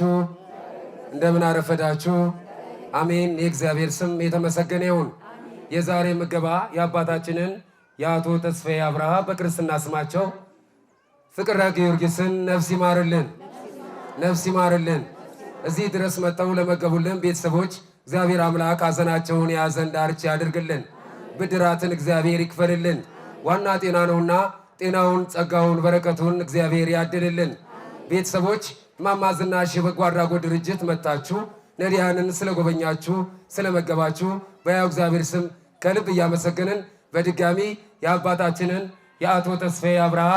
ዋላችሁ? እንደምን አረፈዳችሁ? አሜን። የእግዚአብሔር ስም የተመሰገነ ይሁን። የዛሬ ምገባ የአባታችንን የአቶ ተስፋዬ አብርሃ በክርስትና ስማቸው ፍቅረ ጊዮርጊስን ነፍስ ይማርልን፣ ነፍስ ይማርልን። እዚህ ድረስ መጥተው ለመገቡልን ቤተሰቦች እግዚአብሔር አምላክ ሐዘናቸውን የያዘን ዳርቻ ያድርግልን፣ ብድራትን እግዚአብሔር ይክፈልልን። ዋና ጤና ነውና ጤናውን፣ ጸጋውን፣ በረከቱን እግዚአብሔር ያድልልን ቤተሰቦች እማማ ዝናሽ የበጎ አድራጎት ድርጅት መጥታችሁ ነዳያንን ስለጎበኛችሁ ስለመገባችሁ በያው እግዚአብሔር ስም ከልብ እያመሰገንን በድጋሚ የአባታችንን የአቶ ተስፋዬ አብርሃ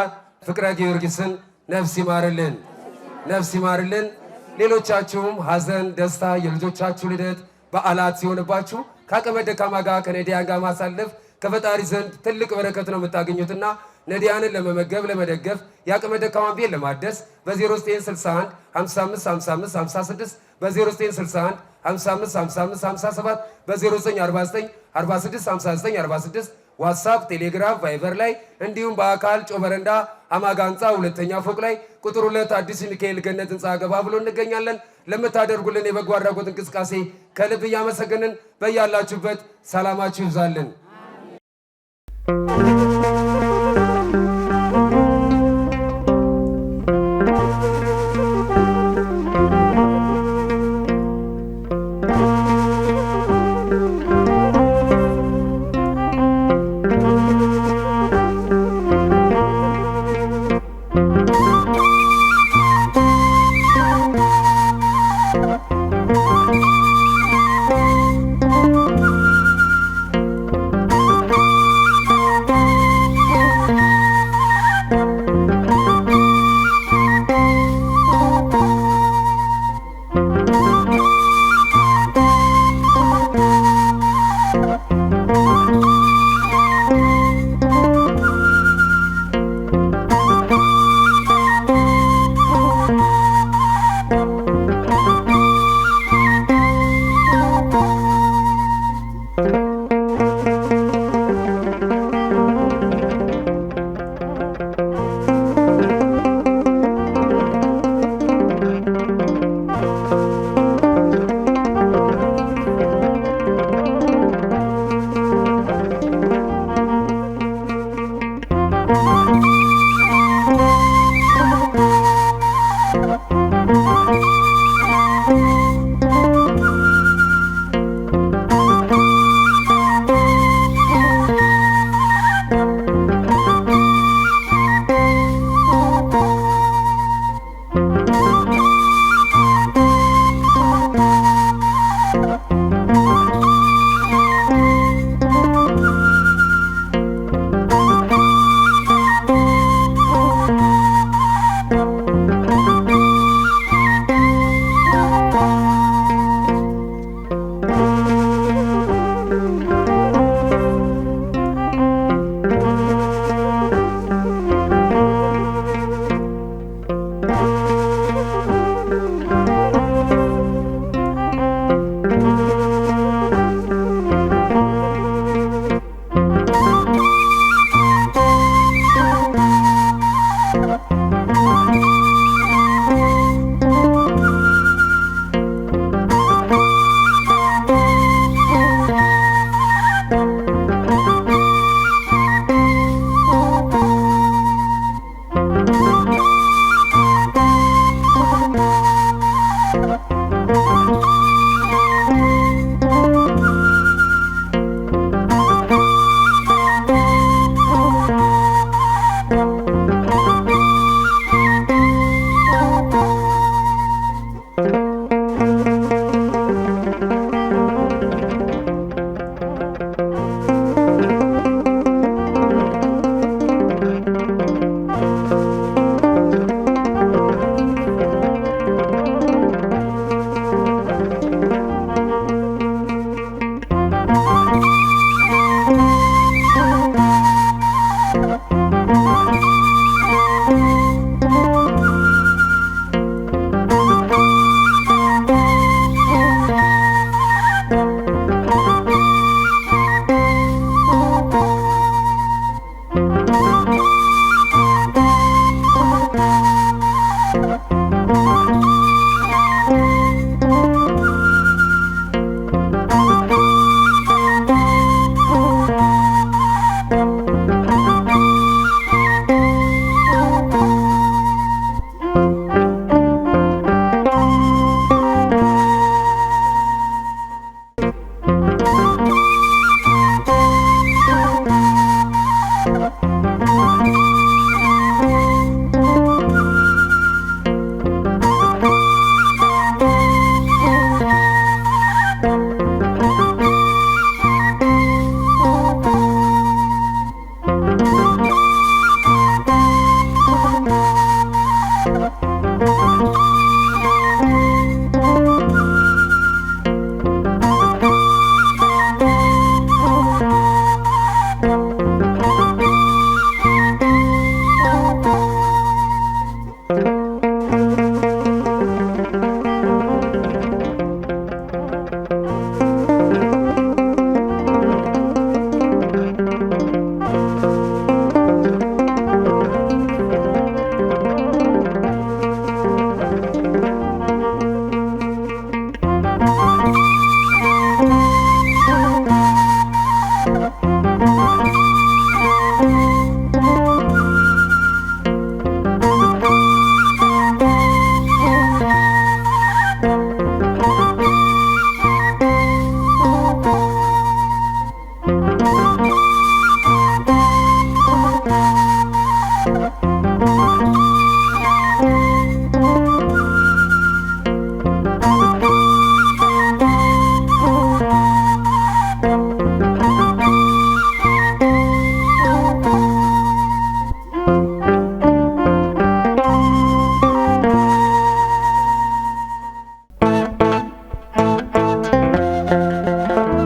ፍቅረ ጊዮርጊስን ነፍስ ይማርልን፣ ነፍስ ይማርልን። ሌሎቻችሁም ሀዘን፣ ደስታ፣ የልጆቻችሁ ልደት በዓላት ሲሆንባችሁ ከአቅመ ደካማ ጋር ከነዳያን ጋር ማሳለፍ ከፈጣሪ ዘንድ ትልቅ በረከት ነው የምታገኙትና ነዳያንን ለመመገብ ለመደገፍ፣ የአቅመ ደካማን ቤት ለማደስ በ0961 5555 በ0961 በ0949 ዋትሳፕ፣ ቴሌግራም፣ ቫይበር ላይ እንዲሁም በአካል ጮበረንዳ አማጋ ህንፃ ሁለተኛ ፎቅ ላይ ቁጥር ሁለት አዲስ ሚካኤል ገነት ህንፃ አገባ ብሎ እንገኛለን። ለምታደርጉልን የበጎ አድራጎት እንቅስቃሴ ከልብ እያመሰገንን በያላችሁበት ሰላማችሁ ይብዛልን።